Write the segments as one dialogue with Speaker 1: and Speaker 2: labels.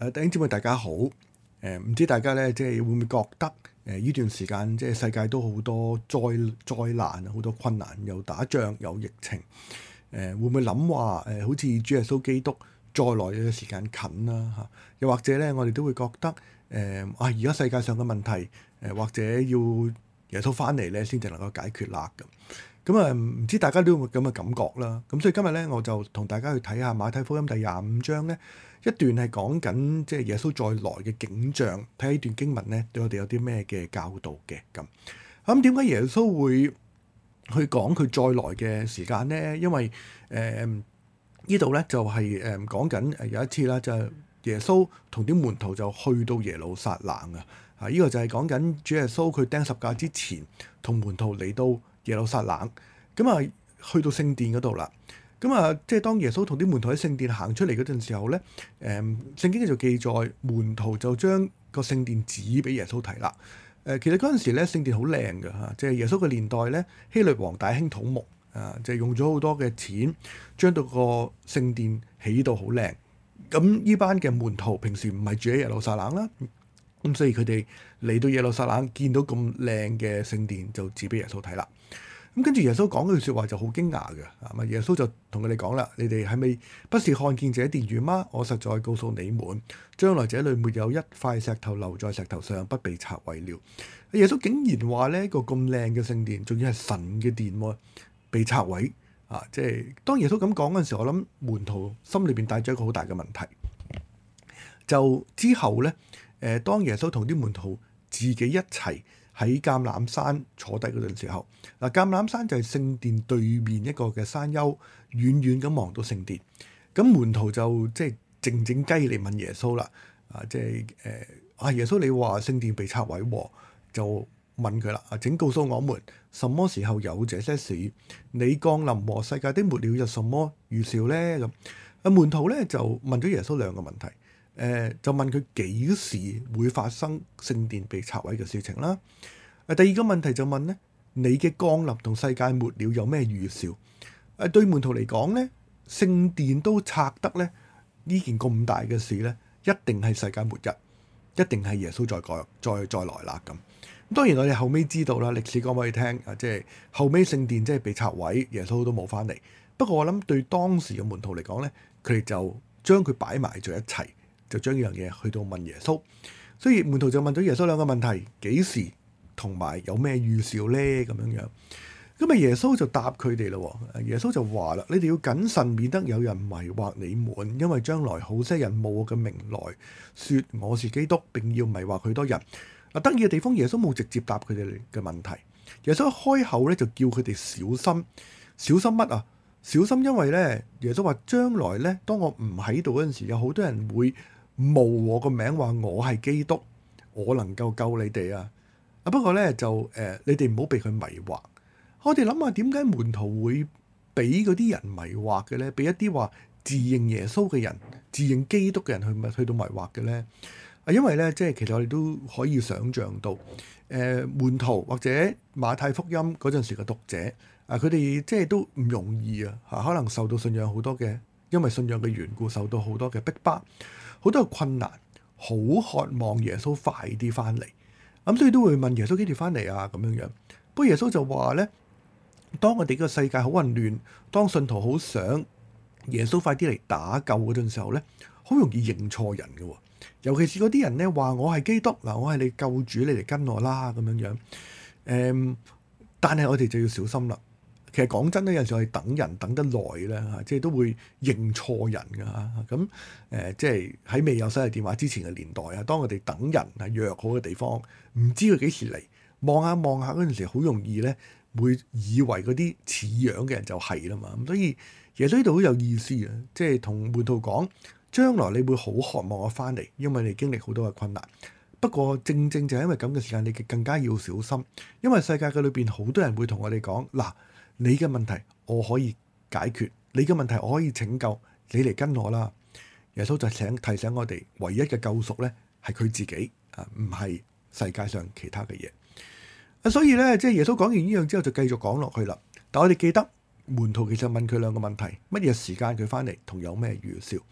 Speaker 1: 誒，弟兄姊妹大家好。誒、呃，唔知大家咧，即係會唔會覺得誒呢、呃、段時間即係世界都好多災災難啊，好多困難，又打仗，有疫情。誒、呃，會唔會諗話誒，好似主耶穌基督再來嘅時間近啦嚇、啊？又或者咧，我哋都會覺得誒、呃，啊，而家世界上嘅問題誒、呃，或者要耶穌翻嚟咧，先至能夠解決啦咁。咁啊，唔知大家都有冇咁嘅感覺啦？咁所以今日咧，我就同大家去睇下馬太福音第廿五章咧。一段係講緊即係耶穌再來嘅景象，睇呢段經文咧，對我哋有啲咩嘅教導嘅咁。咁點解耶穌會去講佢再來嘅時間咧？因為誒、呃、呢度咧就係誒講緊誒有一次啦，就係、是、耶穌同啲門徒就去到耶路撒冷啊！啊，呢、這個就係講緊主耶穌佢釘十架之前，同門徒嚟到耶路撒冷，咁啊去到聖殿嗰度啦。咁啊，即係當耶穌同啲門徒喺聖殿行出嚟嗰陣時候咧，誒聖經就記載，門徒就將個聖殿指俾耶穌睇啦。誒，其實嗰陣時咧，聖殿好靚嘅嚇，即係耶穌嘅年代咧，希律王大興土木啊，就係用咗好多嘅錢將到個聖殿起到好靚。咁呢班嘅門徒平時唔係住喺耶路撒冷啦，咁所以佢哋嚟到耶路撒冷見到咁靚嘅聖殿就指俾耶穌睇啦。咁跟住耶穌講句説話就好驚訝嘅，啊嘛！耶穌就同佢哋講啦：你哋係咪不是看見這殿宇嗎？我實在告訴你們，將來這裏沒有一塊石頭留在石頭上不被拆毀了。耶穌竟然話呢個咁靚嘅聖殿，仲要係神嘅殿喎、啊，被拆毀啊！即、就、係、是、當耶穌咁講嗰陣時候，我諗門徒心裏邊帶咗一個好大嘅問題。就之後呢，誒、呃、當耶穌同啲門徒自己一齊。喺橄欖山坐低嗰陣時候，嗱橄欖山就係聖殿對面一個嘅山丘，遠遠咁望到聖殿。咁門徒就即係靜靜雞嚟問耶穌啦，啊即係誒啊耶穌，你話聖殿被拆毀，就問佢啦，啊請告訴我們什麼時候有這些事？你降臨和世界的末了有什麼預兆呢？」咁啊門徒咧就問咗耶穌兩個問題，誒、啊、就問佢幾時會發生聖殿被拆毀嘅事情啦？第二個問題就問咧，你嘅降臨同世界末了有咩預兆？誒，對門徒嚟講咧，聖殿都拆得咧，這件這呢件咁大嘅事咧，一定係世界末日，一定係耶穌再過再再來啦咁。當然我哋後尾知道啦，歷史講俾你聽，啊，即係後尾聖殿即係被拆毀，耶穌都冇翻嚟。不過我諗對當時嘅門徒嚟講咧，佢哋就將佢擺埋咗一齊，就將呢樣嘢去到問耶穌。所以門徒就問咗耶穌兩個問題：幾時？同埋有咩預兆呢？咁樣樣咁啊！耶穌就答佢哋咯。耶穌就話啦，你哋要謹慎，免得有人迷惑你們。因為將來好些人冒我嘅名來説我是基督，並要迷惑許多人。嗱、啊、得意嘅地方，耶穌冇直接答佢哋嘅問題。耶穌一開口咧，就叫佢哋小心。小心乜啊？小心，因為咧，耶穌話將來咧，當我唔喺度嗰陣時，有好多人會冒我個名，話我係基督，我能夠救你哋啊。啊！不過咧，就誒、呃，你哋唔好被佢迷惑。啊、我哋諗下點解門徒會俾嗰啲人迷惑嘅咧？俾一啲話自認耶穌嘅人、自認基督嘅人去去到迷惑嘅咧？啊，因為咧，即係其實我哋都可以想像到，誒、呃，門徒或者馬太福音嗰陣時嘅讀者啊，佢哋即係都唔容易啊！嚇、啊，可能受到信仰好多嘅，因為信仰嘅緣故受到好多嘅逼迫，好多嘅困難，好渴望耶穌快啲翻嚟。咁、嗯、所以都會問耶穌幾時翻嚟啊咁樣樣，不過耶穌就話咧，當我哋個世界好混亂，當信徒好想耶穌快啲嚟打救嗰陣時候咧，好容易認錯人嘅。哦，尤其是嗰啲人咧，話我係基督嗱，我係你救主，你嚟跟我啦咁樣樣，誒、嗯，但係我哋就要小心啦。其實講真咧，有時候係等人等得耐咧，嚇、啊，即係都會認錯人嘅咁，誒，即係喺未有手提電話之前嘅年代啊，當我哋等人啊約好嘅地方，唔知佢幾時嚟，望下望下嗰陣時，好容易咧會以為嗰啲似樣嘅人就係啦嘛。咁、啊啊、所以其實呢度好有意思啊！即係同門徒講，將來你會好渴望我翻嚟，因為你經歷好多嘅困難。不過正正就係因為咁嘅時間，你更加要小心，因為世界嘅裏邊好多人會同我哋講嗱。你嘅問題我可以解決，你嘅問題我可以拯救你，嚟跟我啦。耶穌就醒提醒我哋，唯一嘅救贖呢，係佢自己啊，唔係世界上其他嘅嘢。啊，所以呢，即係耶穌講完呢樣之後，就繼續講落去啦。但我哋記得門徒其實問佢兩個問題：乜嘢時間佢翻嚟，同有咩預兆？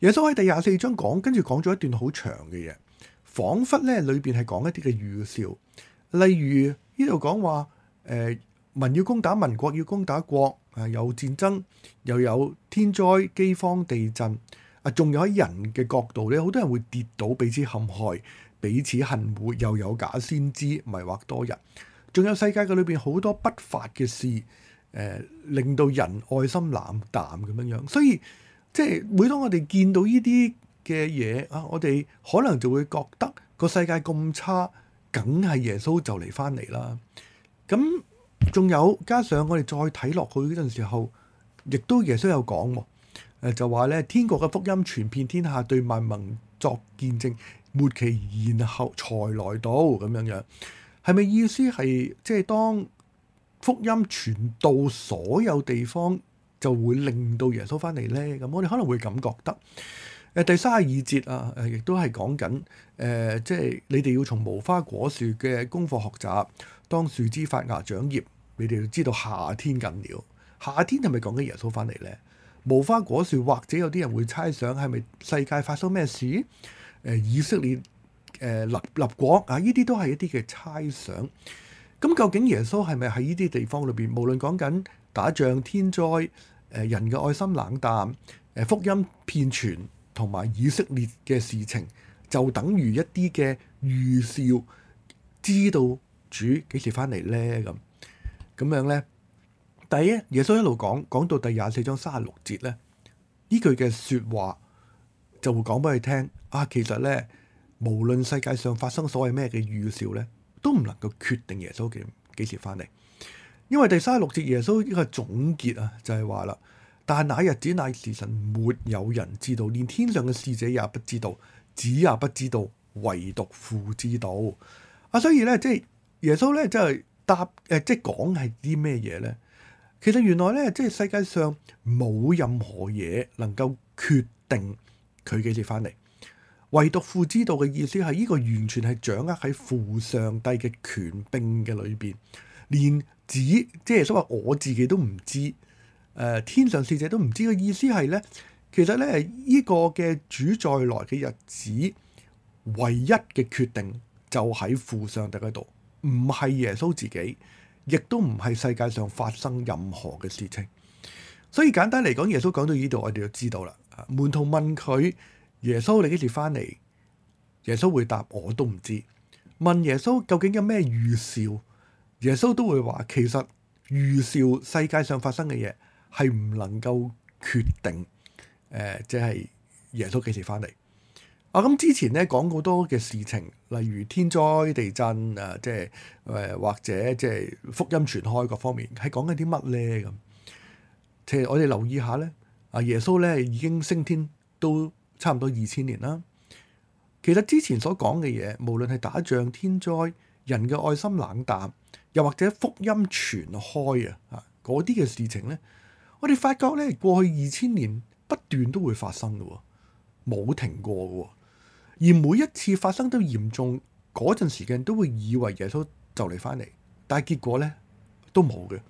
Speaker 1: 耶穌喺第廿四章講，跟住講咗一段好長嘅嘢，仿佛呢裏邊係講一啲嘅預兆，例如呢度講話誒。呃民要攻打民國，要攻打國，啊，有戰爭，又有天災、饑荒、地震，啊，仲有喺人嘅角度咧，好多人會跌倒，彼此陷害，彼此恨惡，又有假先知迷惑多人，仲有世界嘅裏邊好多不法嘅事，誒、呃，令到人愛心冷淡咁樣樣。所以即係每當我哋見到呢啲嘅嘢啊，我哋可能就會覺得個世界咁差，梗係耶穌就嚟返嚟啦。咁仲有加上我哋再睇落去嗰陣時候，亦都耶穌有講、哦，誒、呃、就話咧天國嘅福音傳遍天下，對萬民作見證，末期然後才來到咁樣樣，係咪意思係即係當福音傳到所有地方，就會令到耶穌翻嚟咧？咁我哋可能會咁覺得。誒、呃、第三十二節啊，誒、呃、亦都係講緊，誒、呃、即係你哋要從無花果樹嘅功課學習。當樹枝發芽長葉，你哋知道夏天近了。夏天係咪講緊耶穌翻嚟呢？無花果樹，或者有啲人會猜想係咪世界發生咩事？誒，以色列誒、呃、立立國啊！呢啲都係一啲嘅猜想。咁、嗯、究竟耶穌係咪喺呢啲地方裏邊？無論講緊打仗、天災、誒、呃、人嘅愛心冷淡、誒、呃、福音遍傳同埋以，以色列嘅事情，就等於一啲嘅預兆，知道。主幾時翻嚟呢？咁咁樣呢，第一，耶穌一路講講到第廿四章三十六節呢，呢句嘅説話就會講俾佢聽。啊，其實呢，無論世界上發生所謂咩嘅預兆呢，都唔能夠決定耶穌幾幾時翻嚟。因為第三十六節耶穌呢個總結啊，就係話啦，但係那日子，那時辰，沒有人知道，連天上嘅使者也不知道，子也不知道，只也不知道，唯獨父知道。啊，所以呢，即係。耶穌咧就係、是、答誒、呃，即係講係啲咩嘢咧？其實原來咧，即係世界上冇任何嘢能夠決定佢幾時翻嚟。唯獨父知道嘅意思係呢、這個完全係掌握喺父上帝嘅權柄嘅裏邊，連子即係所謂我自己都唔知，誒、呃、天上使者都唔知嘅意思係咧，其實咧呢、這個嘅主再來嘅日子，唯一嘅決定就喺父上帝嗰度。唔係耶穌自己，亦都唔係世界上發生任何嘅事情。所以簡單嚟講，耶穌講到呢度，我哋就知道啦。門徒問佢：耶穌，你幾時翻嚟？耶穌回答：我都唔知。問耶穌究竟有咩預兆？耶穌都會話：其實預兆世界上發生嘅嘢係唔能夠決定。誒、呃，即係耶穌幾時翻嚟？啊！咁之前咧講好多嘅事情，例如天災地震啊，即係誒、呃、或者即係福音傳開各方面，係講緊啲乜咧咁？其實我哋留意下咧，啊耶穌咧已經升天都差唔多二千年啦。其實之前所講嘅嘢，無論係打仗、天災、人嘅愛心冷淡，又或者福音傳開啊，嗰啲嘅事情咧，我哋發覺咧過去二千年不斷都會發生嘅喎，冇停過嘅喎。而每一次發生都嚴重，嗰陣時間都會以為耶穌就嚟翻嚟，但係結果呢，都冇嘅。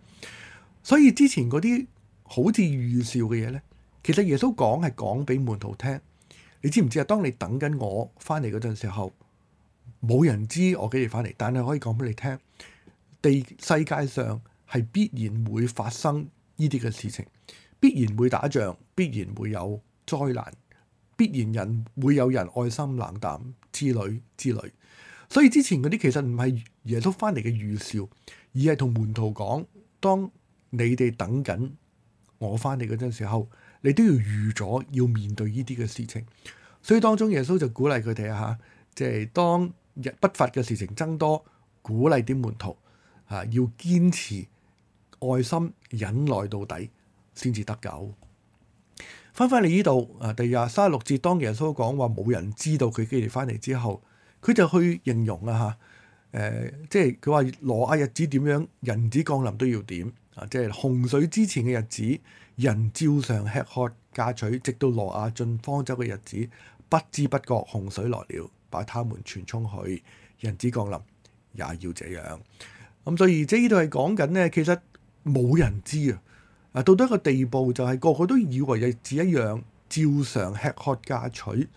Speaker 1: 所以之前嗰啲好似預兆嘅嘢呢，其實耶穌講係講俾門徒聽。你知唔知啊？當你等緊我翻嚟嗰陣時候，冇人知我幾時翻嚟，但係可以講俾你聽，地世界上係必然會發生呢啲嘅事情，必然會打仗，必然會有災難。必然人會有人愛心冷淡之類之類，所以之前嗰啲其實唔係耶穌翻嚟嘅預兆，而係同門徒講：當你哋等緊我翻嚟嗰陣時候，你都要預咗要面對呢啲嘅事情。所以當中耶穌就鼓勵佢哋啊，即係當日不法嘅事情增多，鼓勵啲門徒啊要堅持愛心忍耐到底，先至得救。翻返嚟呢度啊，第廿三十六節，當耶穌講話冇人知道佢幾時返嚟之後，佢就去形容啦嚇，誒、呃，即係佢話挪亞日子點樣，人子降臨都要點啊，即係洪水之前嘅日子，人照常吃喝嫁娶，直到挪亞進方舟嘅日子，不知不覺洪水來了，把他們全沖去。人子降臨也要這樣。咁、嗯、所以即係呢度係講緊咧，其實冇人知啊。啊，到到一個地步，就係個個都以為日子一樣，照常吃喝嫁娶，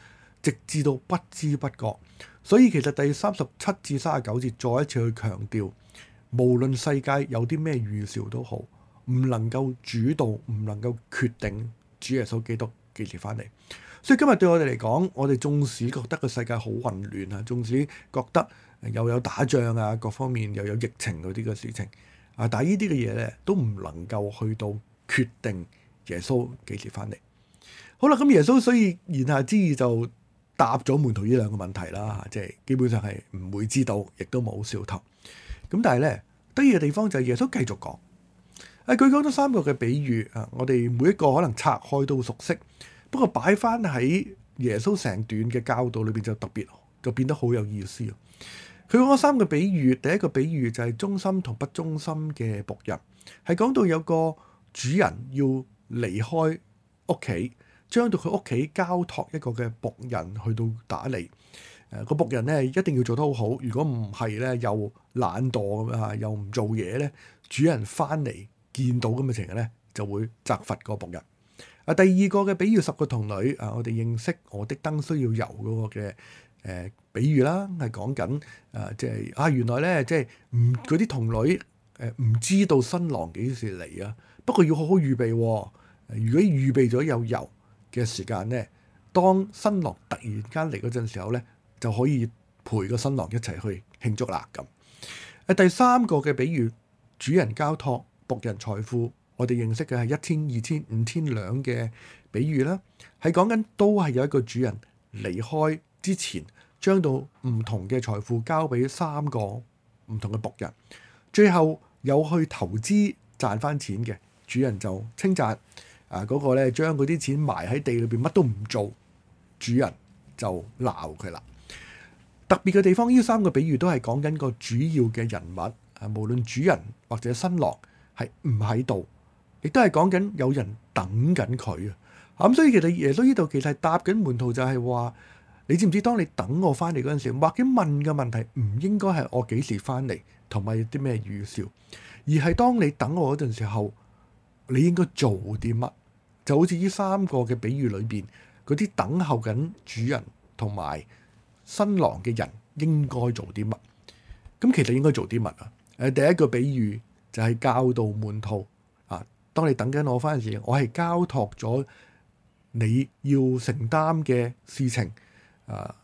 Speaker 1: 直至到不知不覺。所以其實第三十七至三十九節再一次去強調，無論世界有啲咩預兆都好，唔能夠主導，唔能夠決定主耶穌基督幾時翻嚟。所以今日對我哋嚟講，我哋縱使覺得個世界好混亂啊，縱使覺得又有打仗啊，各方面又有疫情嗰啲嘅事情。啊！但係依啲嘅嘢咧，都唔能夠去到決定耶穌幾時翻嚟。好啦，咁、嗯、耶穌所以言下之意就答咗門徒呢兩個問題啦，即係基本上係唔會知道，亦都冇兆頭。咁、嗯、但係咧，得意嘅地方就係耶穌繼續講。啊，佢講咗三個嘅比喻啊，我哋每一個可能拆開都熟悉，不過擺翻喺耶穌成段嘅教導裏邊就特別，就變得好有意思啊！佢講三個比喻，第一個比喻就係忠心同不忠心嘅僕人，係講到有個主人要離開屋企，將到佢屋企交託一個嘅僕人去到打理。誒、呃這個僕人咧一定要做得好好，如果唔係咧又懶惰咁樣嚇，又唔、啊、做嘢咧，主人翻嚟見到咁嘅情況咧就會責罰個僕人。啊，第二個嘅比喻十個童女啊，我哋認識我的燈需要油嗰個嘅。誒、呃，比喻啦，係講緊誒，即係啊，原來咧，即係唔嗰啲童女誒，唔、呃、知道新郎幾時嚟啊。不過要好好預備喎、哦。如果預備咗有油嘅時間咧，當新郎突然間嚟嗰陣時候咧，就可以陪個新郎一齊去慶祝啦。咁誒、啊，第三個嘅比喻，主人交託僕人財富，我哋認識嘅係一千、二千、五千兩嘅比喻啦，係講緊都係有一個主人離開。之前將到唔同嘅財富交俾三個唔同嘅僕人，最後有去投資賺翻錢嘅主人就稱讚啊嗰、嗰個呢將嗰啲錢埋喺地裏邊乜都唔做，主人就鬧佢啦。特別嘅地方，呢三個比喻都係講緊個主要嘅人物啊，無論主人或者新郎係唔喺度，亦都係講緊有人等緊佢啊。咁所以其實耶穌呢度其實係答緊門徒就，就係話。你知唔知？當你等我翻嚟嗰陣時，或者問嘅問題唔應該係我幾時翻嚟同埋有啲咩預兆，而係當你等我嗰陣時候，你應該做啲乜？就好似呢三個嘅比喻裏邊，嗰啲等候緊主人同埋新郎嘅人應該做啲乜？咁其實應該做啲乜啊？誒，第一個比喻就係教導門徒啊！當你等緊我翻嚟時，我係交託咗你要承擔嘅事情。啊！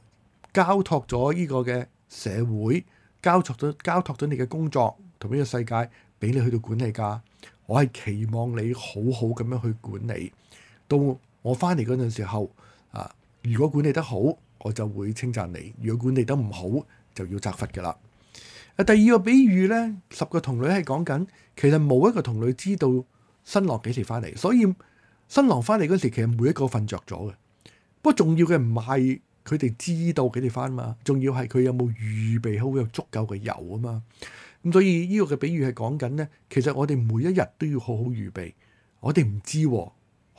Speaker 1: 交託咗呢個嘅社會，交託咗交託咗你嘅工作同呢個世界，俾你去到管理噶。我係期望你好好咁樣去管理。到我翻嚟嗰陣時候，啊！如果管理得好，我就會稱讚你；如果管理得唔好，就要責罰噶啦。啊！第二個比喻呢，十個童女係講緊，其實冇一個童女知道新郎幾時翻嚟，所以新郎翻嚟嗰時，其實每一個瞓着咗嘅。不過重要嘅唔係。佢哋知道佢哋翻嘛，仲要係佢有冇預備好有足夠嘅油啊嘛，咁所以呢個嘅比喻係講緊呢，其實我哋每一日都要好好預備，我哋唔知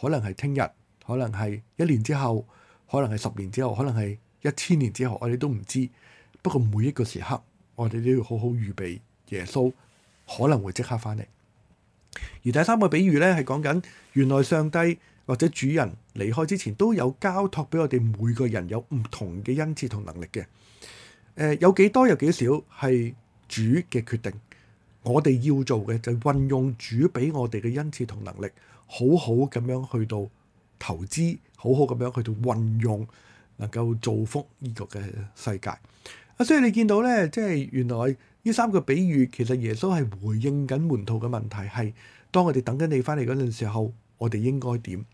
Speaker 1: 可能係聽日，可能係一年之後，可能係十年之後，可能係一千年之後，我哋都唔知。不過每一個時刻，我哋都要好好預備，耶穌可能會即刻翻嚟。而第三個比喻呢，係講緊原來上帝。或者主人離開之前都有交託俾我哋每個人有唔同嘅恩賜同能力嘅，誒有幾多有幾少係主嘅決定，我哋要做嘅就係運用主俾我哋嘅恩賜同能力，好好咁樣去到投資，好好咁樣去到運用，能夠造福呢個嘅世界。啊，所以你見到呢，即係原來呢三個比喻其實耶穌係回應緊門徒嘅問題，係當我哋等緊你翻嚟嗰陣時候，我哋應該點？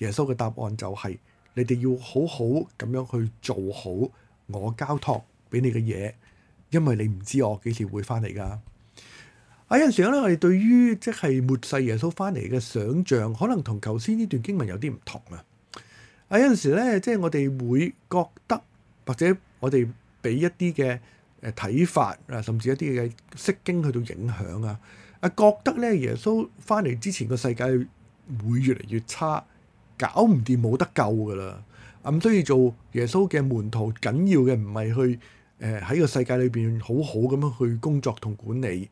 Speaker 1: 耶穌嘅答案就係：你哋要好好咁樣去做好我交託俾你嘅嘢，因為你唔知我幾時會翻嚟㗎。啊有陣時咧，我哋對於即係末世耶穌翻嚟嘅想像，可能同頭先呢段經文有啲唔同啊！啊有陣時咧，即係我哋會覺得，或者我哋俾一啲嘅誒睇法啊，甚至一啲嘅釋經去到影響啊，啊覺得咧耶穌翻嚟之前個世界會越嚟越差。搞唔掂冇得救噶啦，咁所以做耶穌嘅門徒緊要嘅唔係去誒喺、呃、個世界裏邊好好咁樣去工作同管理，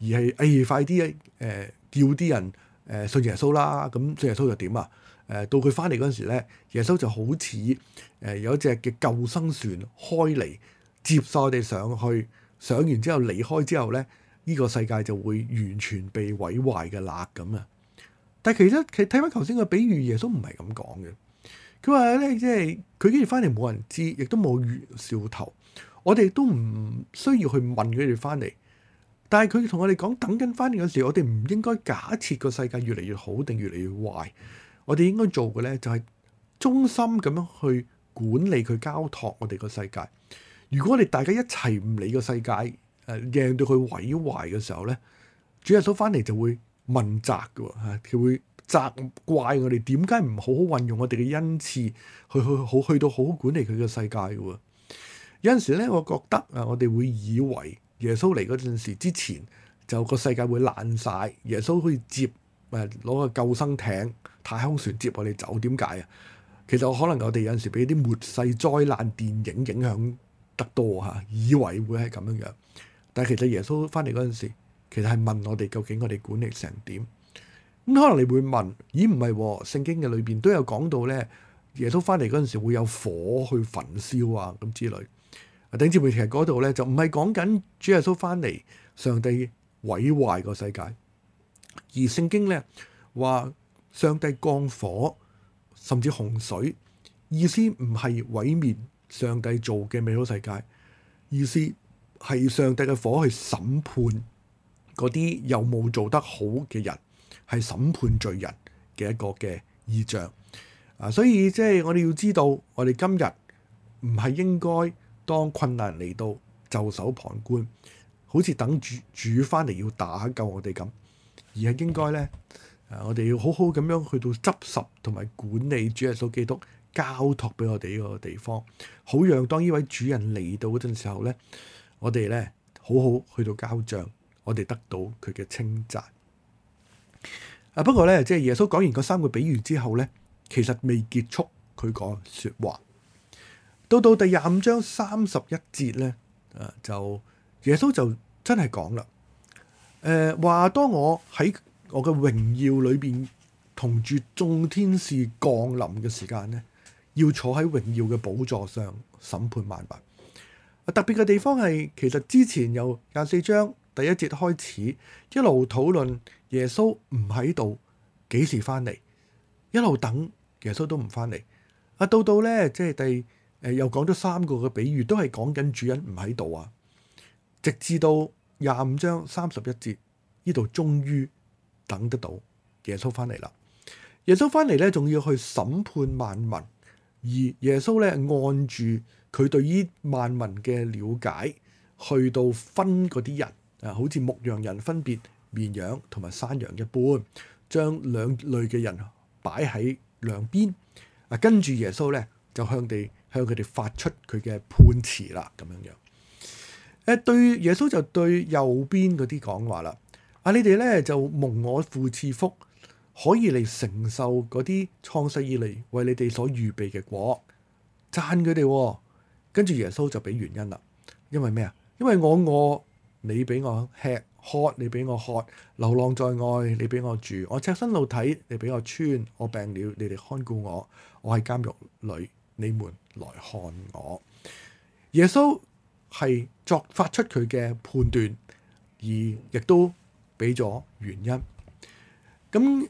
Speaker 1: 而係誒、哎、快啲誒、呃、叫啲人誒、呃、信耶穌啦，咁、嗯、信耶穌又點啊？誒、呃、到佢翻嚟嗰陣時咧，耶穌就好似誒有一隻嘅救生船開嚟接晒我哋上去，上完之後離開之後咧，呢、這個世界就會完全被毀壞嘅喇咁啊！但其實睇翻頭先個比喻，耶穌唔係咁講嘅。佢話咧，即係佢幾時翻嚟冇人知，亦都冇預兆頭。我哋都唔需要去問佢哋翻嚟。但係佢同我哋講等緊翻嚟嘅時候，我哋唔應該假設個世界越嚟越好定越嚟越壞。我哋應該做嘅咧就係、是、忠心咁樣去管理佢交託我哋個世界。如果我哋大家一齊唔理個世界，誒讓到佢毀壞嘅時候咧，主耶穌翻嚟就會問責㗎喎，佢、啊、會責怪我哋點解唔好好運用我哋嘅恩賜，去去去到好好管理佢嘅世界㗎喎。有陣時咧，我覺得啊，我哋會以為耶穌嚟嗰陣時之前，就個世界會爛晒，耶穌可以接誒攞、啊、個救生艇、太空船接我哋走。點解啊？其實我可能我哋有陣時俾啲末世災難電影影響得多嚇、啊，以為會係咁樣樣。但係其實耶穌翻嚟嗰陣時，其實係問我哋究竟我哋管理成點咁？可能你會問：咦，唔係、哦、聖經嘅裏邊都有講到咧，耶穌翻嚟嗰陣時會有火去焚燒啊咁之類。啊，頂住！其實嗰度咧就唔係講緊主耶穌翻嚟，上帝毀壞個世界，而聖經咧話上帝降火甚至洪水，意思唔係毀滅上帝做嘅美好世界，意思係上帝嘅火去審判。嗰啲有冇做得好嘅人，係審判罪人嘅一個嘅意象啊！所以即係、就是、我哋要知道，我哋今日唔係應該當困難嚟到袖手旁觀，好似等主主返嚟要打救我哋咁，而係應該咧、啊，我哋要好好咁樣去到執拾同埋管理主耶穌基督交託俾我哋呢個地方，好讓當呢位主人嚟到嗰陣時候呢，我哋呢，好好去到交帳。我哋得到佢嘅稱讚啊！不過咧，即係耶穌講完嗰三個比喻之後咧，其實未結束佢講説話。到到第廿五章三十一節咧，就耶穌就真係講啦。誒話：當我喺我嘅榮耀裏邊同住眾天使降臨嘅時間咧，要坐喺榮耀嘅寶座上審判萬物。啊。特別嘅地方係，其實之前有廿四章。第一節開始一路討論耶穌唔喺度幾時翻嚟，一路等耶穌都唔翻嚟。啊，到到呢，即係第誒、呃、又講咗三個嘅比喻，都係講緊主人唔喺度啊。直至到廿五章三十一節呢度，終於等得到耶穌翻嚟啦。耶穌翻嚟呢，仲要去審判萬民，而耶穌呢，按住佢對於萬民嘅了解，去到分嗰啲人。啊！好似牧羊人分別綿羊同埋山羊一般，將兩類嘅人擺喺兩邊啊。跟住耶穌呢，就向哋向佢哋發出佢嘅判詞啦，咁樣樣。誒、呃、對耶穌就對右邊嗰啲講話啦。啊，你哋呢，就蒙我父賜福，可以嚟承受嗰啲創世以來為你哋所預備嘅國，讚佢哋。跟住耶穌就俾原因啦，因為咩啊？因為我我。你俾我吃喝，你俾我喝；流浪在外，你俾我住。我赤身露體，你俾我穿。我病了，你哋看顧我。我喺監獄裏，你們來看我。耶穌係作發出佢嘅判斷，而亦都俾咗原因。咁，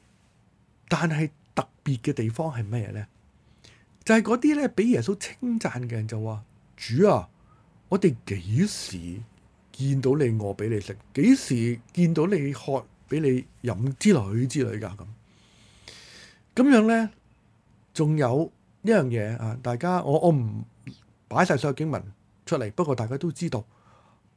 Speaker 1: 但係特別嘅地方係咩咧？就係嗰啲咧，俾耶穌稱讚嘅人就話：主啊，我哋幾時？見到你餓俾你食，幾時見到你渴俾你飲之類之類㗎咁。咁樣呢，仲有一樣嘢啊！大家我我唔擺晒所有經文出嚟，不過大家都知道，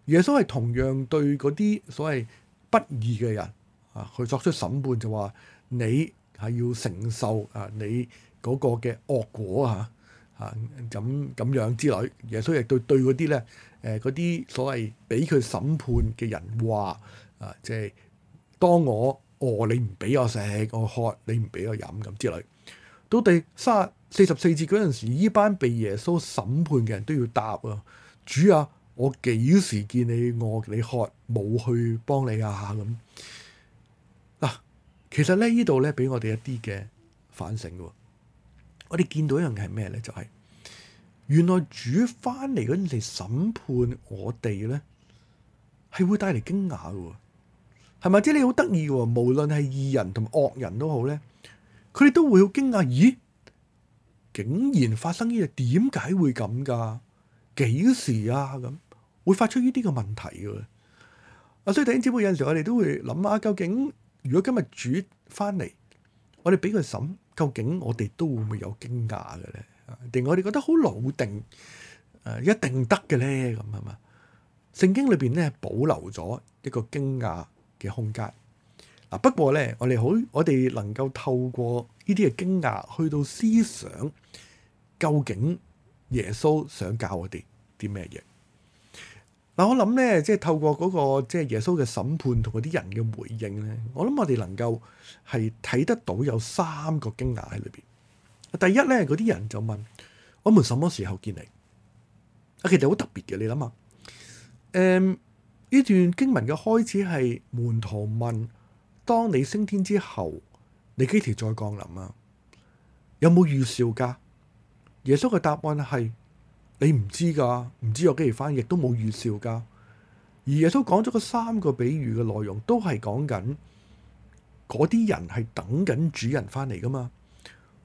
Speaker 1: 耶穌係同樣對嗰啲所謂不義嘅人啊，去作出審判就，就話你係要承受啊你嗰個嘅惡果啊！啊咁咁樣之類，耶穌亦都對嗰啲咧，誒嗰啲所謂俾佢審判嘅人話，啊即係當我餓，你唔俾我食；我渴，你唔俾我飲咁之類。到第三十四十四節嗰陣時，依班被耶穌審判嘅人都要答啊，主啊，我幾時見你餓你渴，冇去幫你啊咁。嗱、啊，其實咧依度咧俾我哋一啲嘅反省嘅、啊。我哋見到一樣嘅係咩咧？就係、是、原來主翻嚟嗰陣時審判我哋咧，係會帶嚟驚訝嘅喎，係咪？即係你好得意嘅喎，無論係義人同惡人都好咧，佢哋都會好驚訝。咦？竟然發生呢樣，點解會咁㗎？幾時啊？咁會發出呢啲嘅問題嘅。啊，所以弟兄姊妹有陣時我哋都會諗下，究竟如果今日主翻嚟，我哋俾佢審？究竟我哋都會唔會有驚訝嘅咧？定我哋覺得好老定，誒，一定得嘅咧？咁係嘛？聖經裏邊咧，保留咗一個驚訝嘅空間。嗱、啊，不過咧，我哋好，我哋能夠透過呢啲嘅驚訝去到思想，究竟耶穌想教我哋啲咩嘢？嗱、那個，我諗咧，即係透過嗰個即係耶穌嘅審判同嗰啲人嘅回應咧，我諗我哋能夠係睇得到有三個驚訝喺裏邊。第一咧，嗰啲人就問：我們什麼時候見你？啊，其實好特別嘅，你諗下，誒、嗯、呢段經文嘅開始係門徒問：當你升天之後，你幾時再降臨啊？有冇預兆㗎？耶穌嘅答案係。你唔知噶，唔知我幾時返，亦都冇預兆噶。而耶穌講咗嗰三個比喻嘅內容，都係講緊嗰啲人係等緊主人翻嚟噶嘛。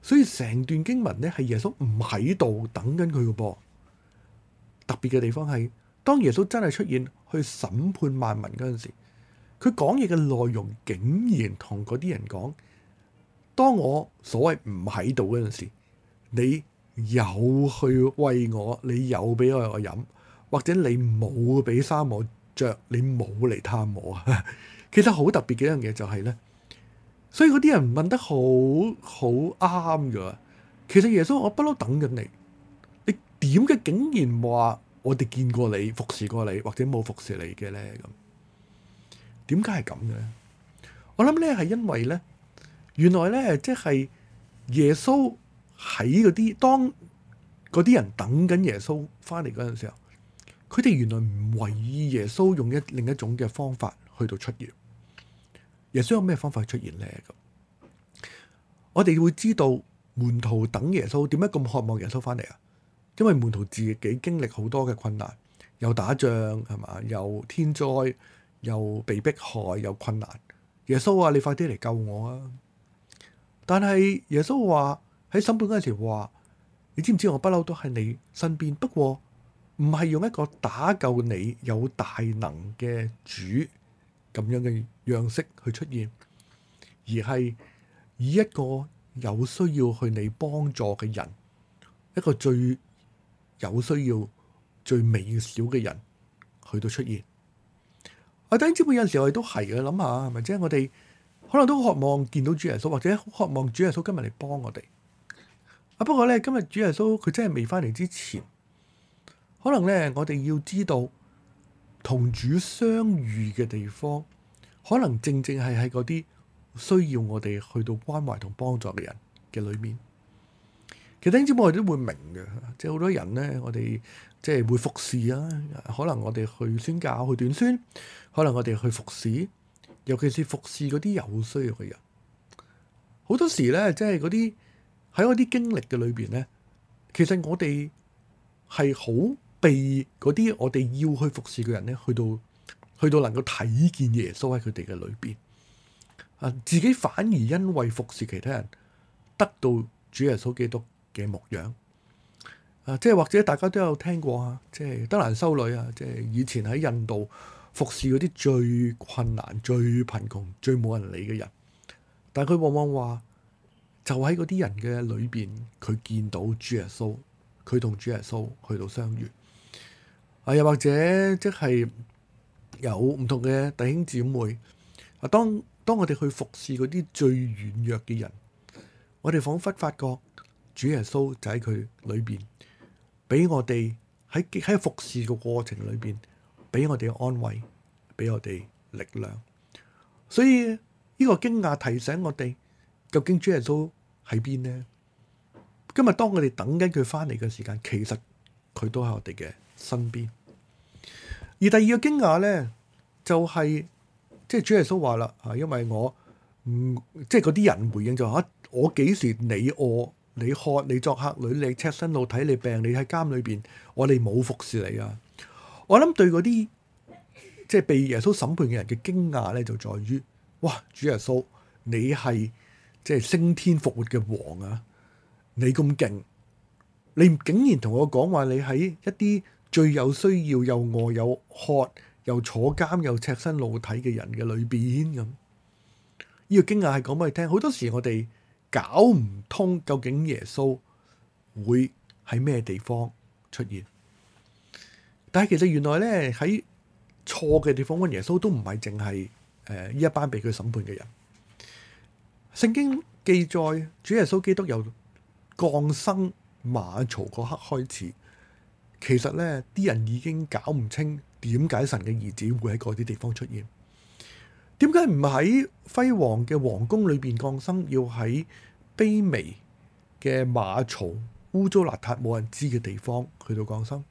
Speaker 1: 所以成段經文咧，係耶穌唔喺度等緊佢嘅噃。特別嘅地方係，當耶穌真係出現去審判萬民嗰陣時，佢講嘢嘅內容竟然同嗰啲人講：當我所謂唔喺度嗰陣時，你。有去餵我，你有俾我我飲，或者你冇俾衫我着，你冇嚟探我啊！其實好特別嘅一樣嘢就係、是、咧，所以嗰啲人問得好好啱噶。其實耶穌我不嬲等緊你，你點嘅竟然話我哋見過你服侍過你，或者冇服侍你嘅咧？咁點解係咁嘅咧？我諗咧係因為咧，原來咧即係耶穌。喺嗰啲當嗰啲人等緊耶穌翻嚟嗰陣時候，佢哋原來唔為意耶穌用一另一種嘅方法去到出現。耶穌有咩方法出現呢？咁我哋會知道門徒等耶穌點解咁渴望耶穌翻嚟啊？因為門徒自己經歷好多嘅困難，又打仗係嘛，又天災，又被迫害，又困難。耶穌啊，你快啲嚟救我啊！但係耶穌話。喺審判嗰陣時話：你知唔知我不嬲都喺你身邊？不過唔係用一個打救你有大能嘅主咁樣嘅樣式去出現，而係以一個有需要去你幫助嘅人，一個最有需要、最微小嘅人去到出現。啊、我哋知唔知有陣時我哋都係嘅？諗下係咪即係我哋可能都渴望見到主耶穌，或者渴望主耶穌今日嚟幫我哋？不過咧，今日主耶穌佢真係未翻嚟之前，可能咧，我哋要知道同主相遇嘅地方，可能正正係喺嗰啲需要我哋去到關懷同幫助嘅人嘅裏面。其實點知我哋都會明嘅，即係好多人咧，我哋即係會服侍啦、啊。可能我哋去宣教、去短宣，可能我哋去服侍，尤其是服侍嗰啲有需要嘅人。好多時咧，即係嗰啲。喺我啲經歷嘅裏邊呢，其實我哋係好被嗰啲我哋要去服侍嘅人呢，去到去到能夠睇見耶穌喺佢哋嘅裏邊啊，自己反而因為服侍其他人，得到主耶穌基督嘅牧養啊，即係或者大家都有聽過啊，即係德蘭修女啊，即係以前喺印度服侍嗰啲最困難、最貧窮、最冇人理嘅人，但佢往往話。就喺嗰啲人嘅裏邊，佢見到主耶穌，佢同主耶穌去到相遇。啊，又或者即係有唔同嘅弟兄姊妹。啊，當當我哋去服侍嗰啲最軟弱嘅人，我哋仿佛發覺主耶穌就喺佢裏邊，俾我哋喺喺服侍嘅過程裏邊，俾我哋嘅安慰，俾我哋力量。所以呢個驚訝提醒我哋。究竟主耶穌喺邊呢？今日當我哋等緊佢翻嚟嘅時間，其實佢都喺我哋嘅身邊。而第二個驚訝呢，就係即係主耶穌話啦，啊，因為我唔即係嗰啲人回應就話，是啊，我幾時你餓，你渴，你作客旅，你赤身露體，你病，你喺監裏邊，我哋冇服侍你啊！我諗對嗰啲即係被耶穌審判嘅人嘅驚訝呢，就在於哇，主耶穌你係。即係升天復活嘅王啊！你咁勁，你竟然同我講話你喺一啲最有需要、又餓又渴、又坐監又赤身露體嘅人嘅裏邊咁，呢、這個驚訝係講俾你聽。好多時我哋搞唔通究竟耶穌會喺咩地方出現，但係其實原來呢，喺錯嘅地方搵，耶穌都唔係淨係誒呢一班畀佢審判嘅人。聖經記載，主耶穌基督由降生馬槽嗰刻開始，其實咧啲人已經搞唔清點解神嘅兒子會喺嗰啲地方出現。點解唔喺輝煌嘅皇宮裏面降生，要喺卑微嘅馬槽、污糟邋遢、冇人知嘅地方去到降生？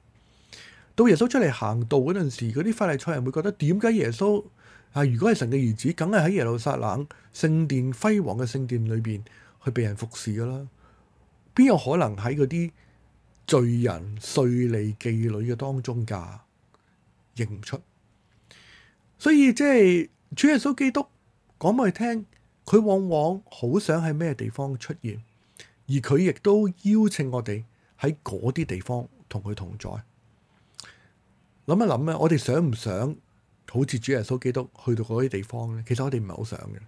Speaker 1: 到耶穌出嚟行道嗰陣時，嗰啲法利賽人會覺得點解耶穌？啊！如果係神嘅兒子，梗係喺耶路撒冷聖殿輝煌嘅聖殿裏邊去被人服侍噶啦，邊有可能喺嗰啲罪人、稅吏、妓女嘅當中噶？認唔出？所以即係主耶穌基督講俾佢聽，佢往往好想喺咩地方出現，而佢亦都邀請我哋喺嗰啲地方同佢同在。諗一諗啊，我哋想唔想？好似主耶穌基督去到嗰啲地方呢，其實我哋唔係好想嘅。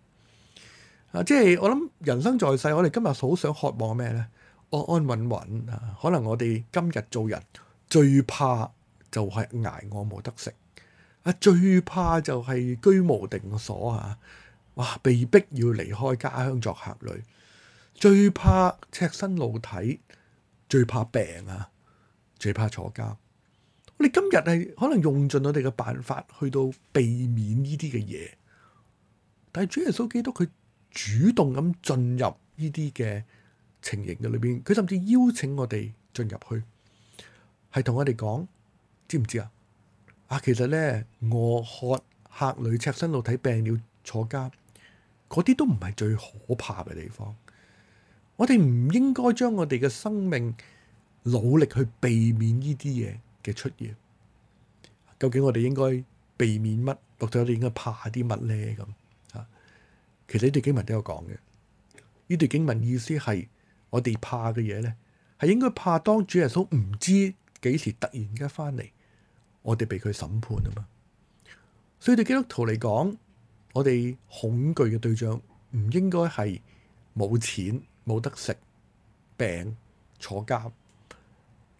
Speaker 1: 啊，即係我諗人生在世，我哋今日好想渴望咩呢？安安穩穩啊，可能我哋今日做人最怕就係捱餓冇得食啊，最怕就係居無定所啊，哇！被逼要離開家鄉作客旅，最怕赤身露體，最怕病啊，最怕坐監。你今日係可能用盡我哋嘅辦法去到避免呢啲嘅嘢，但係主耶穌基督佢主動咁進入呢啲嘅情形嘅裏邊，佢甚至邀請我哋進入去，係同我哋講，知唔知啊？啊，其實咧，我渴客旅赤身露體病了、坐監，嗰啲都唔係最可怕嘅地方。我哋唔應該將我哋嘅生命努力去避免呢啲嘢。嘅出現，究竟我哋應該避免乜？或者我哋應該怕啲乜咧？咁嚇，其實呢段經文都有講嘅。呢段經文意思係我哋怕嘅嘢咧，係應該怕當主耶穌唔知幾時突然間翻嚟，我哋被佢審判啊嘛。所以對基督徒嚟講，我哋恐懼嘅對象唔應該係冇錢、冇得食、病、坐監。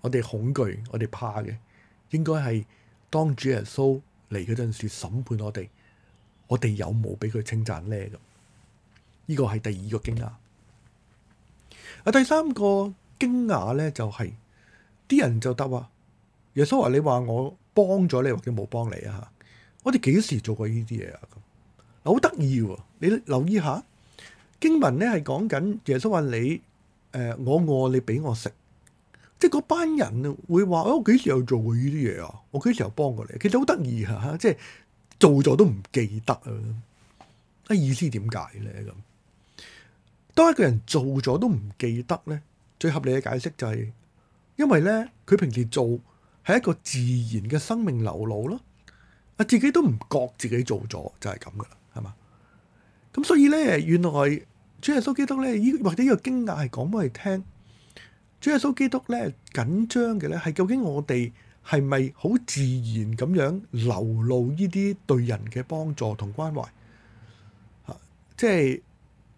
Speaker 1: 我哋恐懼，我哋怕嘅，應該係當主耶穌嚟嗰陣時審判我哋，我哋有冇俾佢稱讚呢？咁、這、呢個係第二個驚訝。啊，第三個驚訝咧就係、是、啲人就得話：耶穌話、啊、你話我幫咗你或者冇幫你啊吓？我哋幾時做過呢啲嘢啊？咁好得意喎！你留意下經文咧係講緊耶穌話你誒，我餓你俾我食。即係嗰班人會話，哎，我幾時有做過呢啲嘢啊？我幾時有幫過你？其實好得意啊！吓，即係做咗都唔記得啊！啊，意思點解咧？咁當一個人做咗都唔記得咧，最合理嘅解釋就係、是、因為咧，佢平時做係一個自然嘅生命流露咯，啊，自己都唔覺自己做咗就係咁噶啦，係嘛？咁所以咧，原來主耶穌基督咧，依或者呢個驚訝係講俾我哋聽。主耶穌基督咧緊張嘅咧係究竟我哋係咪好自然咁樣流露呢啲對人嘅幫助同關懷？啊、即係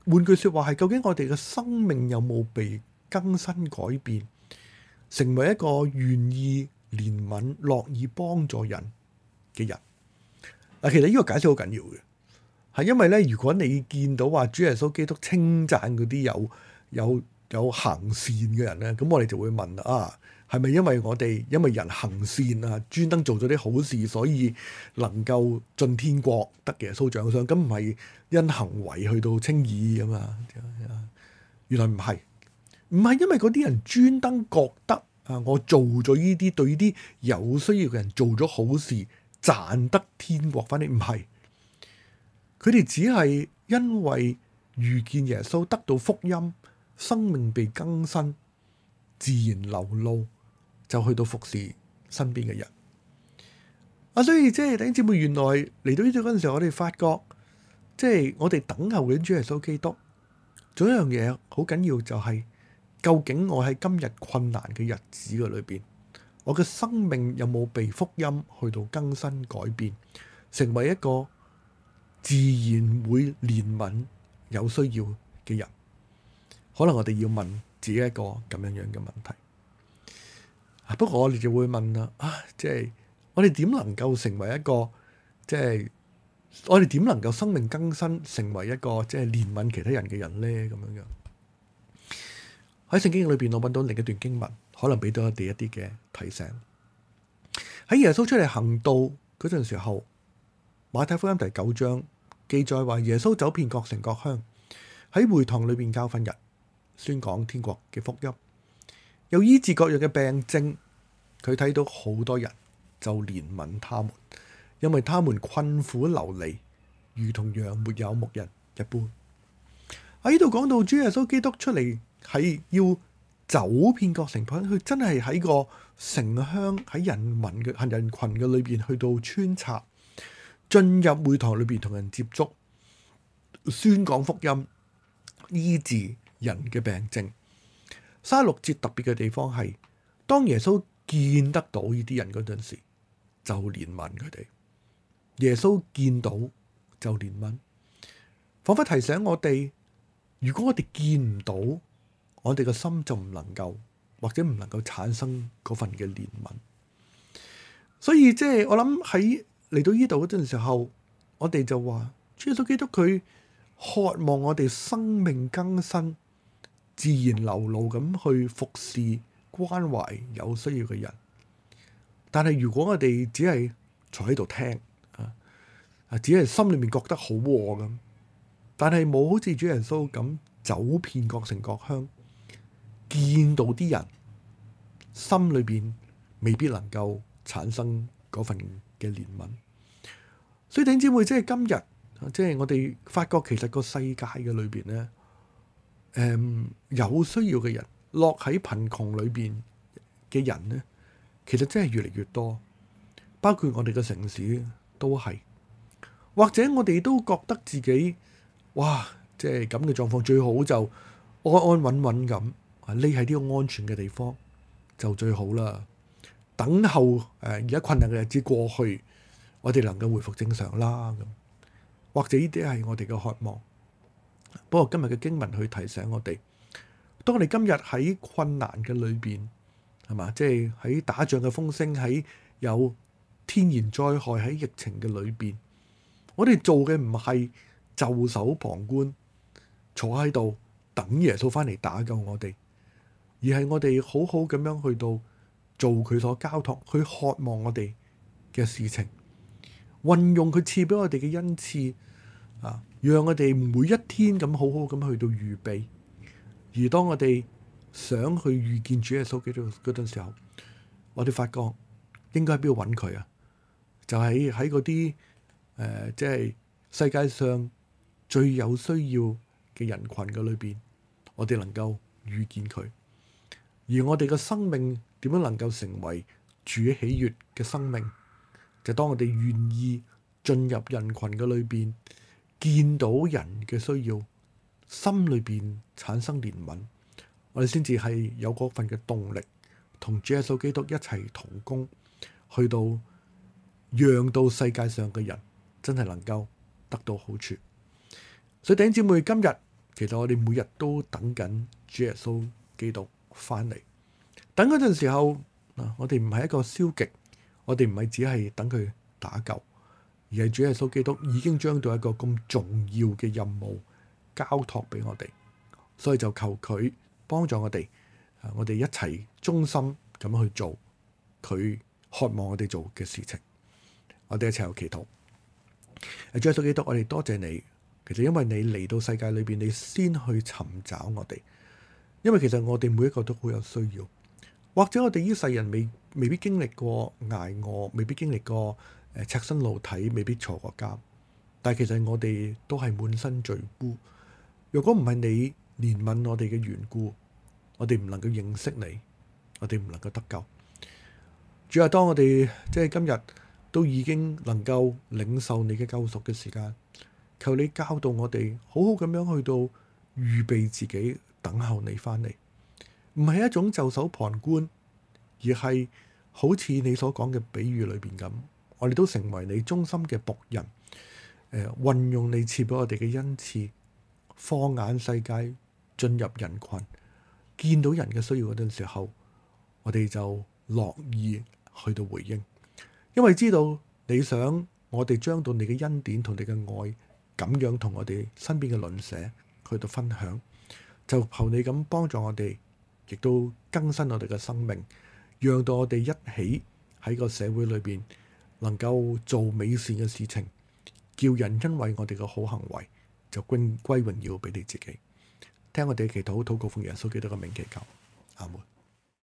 Speaker 1: 換句説話係究竟我哋嘅生命有冇被更新改變，成為一個願意憐憫、樂意幫助人嘅人？嗱、啊，其實呢個解釋好緊要嘅，係因為咧，如果你見到話主耶穌基督稱讚嗰啲有有。有有行善嘅人咧，咁我哋就會問啊，係咪因為我哋因為人行善啊，專登做咗啲好事，所以能夠進天國，得耶穌獎賞咁？唔係因行為去到稱義咁嘛、啊？原來唔係唔係，因為嗰啲人專登覺得啊，我做咗呢啲對呢啲有需要嘅人做咗好事，賺得天國。反正唔係，佢哋只係因為遇見耶穌得到福音。生命被更新，自然流露，就去到服侍身邊嘅人。啊，所以即係弟兄姊妹，原來嚟到呢度嗰陣時，我哋發覺，即係我哋等候緊主耶穌基督，仲有一樣嘢好緊要，就係究竟我喺今日困難嘅日子嘅裏邊，我嘅生命有冇被福音去到更新改變，成為一個自然會憐憫有需要嘅人。可能我哋要問自己一個咁樣樣嘅問題。不過我哋就會問啦，啊，即係我哋點能夠成為一個，即係我哋點能夠生命更新，成為一個即係憐憫其他人嘅人呢？咁樣樣喺聖經裏邊，我揾到另一段經文，可能俾到我哋一啲嘅提醒。喺耶穌出嚟行道嗰陣時候，《馬太福音》第九章記載話，耶穌走遍各城各鄉，喺會堂裏邊教訓人。宣講天國嘅福音，又醫治各樣嘅病症。佢睇到好多人就憐憫他們，因為他們困苦流離，如同羊沒有牧人一般。喺呢度講到，主耶穌基督出嚟係要走遍各城邦，佢真係喺個城鄉喺人民嘅人群嘅裏邊去到穿插，進入會堂裏邊同人接觸，宣講福音，醫治。人嘅病症，三六節特別嘅地方係，當耶穌見得到呢啲人嗰陣時，就憐憫佢哋。耶穌見到就憐憫，仿佛提醒我哋，如果我哋見唔到，我哋嘅心就唔能夠，或者唔能夠產生嗰份嘅憐憫。所以即係我諗喺嚟到呢度嗰陣時候，我哋就話，主耶穌基督佢渴望我哋生命更新。自然流露咁去服侍、關懷有需要嘅人。但係如果我哋只係坐喺度聽啊，只係心裏面覺得好喎、啊、咁，但係冇好似主耶穌咁走遍各城各鄉，見到啲人，心裏邊未必能夠產生嗰份嘅憐憫。所以弟兄姊妹，即係今日，即係我哋發覺其實個世界嘅裏邊呢。誒、um, 有需要嘅人，落喺貧窮裏邊嘅人呢，其實真係越嚟越多，包括我哋嘅城市都係。或者我哋都覺得自己，哇！即係咁嘅狀況最好就安安穩穩咁，匿喺呢個安全嘅地方就最好啦。等候誒而家困難嘅日子過去，我哋能夠回復正常啦。咁或者呢啲係我哋嘅渴望。不過今日嘅經文去提醒我哋，當我哋今日喺困難嘅裏邊，係嘛？即係喺打仗嘅風聲，喺有天然災害，喺疫情嘅裏邊，我哋做嘅唔係袖手旁觀，坐喺度等耶穌翻嚟打救我哋，而係我哋好好咁樣去到做佢所交託，去渴望我哋嘅事情，運用佢賜俾我哋嘅恩賜。讓我哋每一天咁好好咁去到預備，而當我哋想去遇見主耶穌基督嗰陣時候，我哋發覺應該喺邊度揾佢啊？就喺喺嗰啲誒，即、呃、係、就係、世界上最有需要嘅人群嘅裏邊，我哋能夠遇見佢。而我哋嘅生命點樣能夠成為主喜悅嘅生命？就係、當我哋願意進入人群嘅裏邊。見到人嘅需要，心裏邊產生憐憫，我哋先至係有嗰份嘅動力，同主耶穌基督一齊同工，去到讓到世界上嘅人真係能夠得到好處。所以弟兄姊妹，今日其實我哋每日都等緊主耶穌基督返嚟，等嗰陣時候啊，我哋唔係一個消極，我哋唔係只係等佢打救。而係主耶穌基督已經將到一個咁重要嘅任務交託俾我哋，所以就求佢幫助我哋，我哋一齊忠心咁去做佢渴望我哋做嘅事情。我哋一齊有祈禱。主耶穌基督，我哋多謝你。其實因為你嚟到世界裏邊，你先去尋找我哋，因為其實我哋每一個都好有需要，或者我哋呢世人未未必經歷過挨餓，未必經歷過。誒赤身露體，未必坐過監，但係其實我哋都係滿身罪污。若果唔係你憐憫我哋嘅緣故，我哋唔能夠認識你，我哋唔能夠得救。主啊，當我哋即係今日都已經能夠領受你嘅救贖嘅時間，求你教導我哋好好咁樣去到預備自己，等候你翻嚟，唔係一種袖手旁觀，而係好似你所講嘅比喻裏邊咁。我哋都成為你忠心嘅僕人，誒、呃，運用你賜俾我哋嘅恩賜，放眼世界，進入人群，見到人嘅需要嗰陣時候，我哋就樂意去到回應，因為知道你想我哋將到你嘅恩典同你嘅愛咁樣同我哋身邊嘅鄰舍去到分享，就求你咁幫助我哋，亦都更新我哋嘅生命，讓到我哋一起喺個社會裏邊。能夠做美善嘅事情，叫人因為我哋嘅好行為，就歸歸榮耀俾你自己。聽我哋嘅祈禱，禱告奉耶穌基督嘅名祈求，阿門。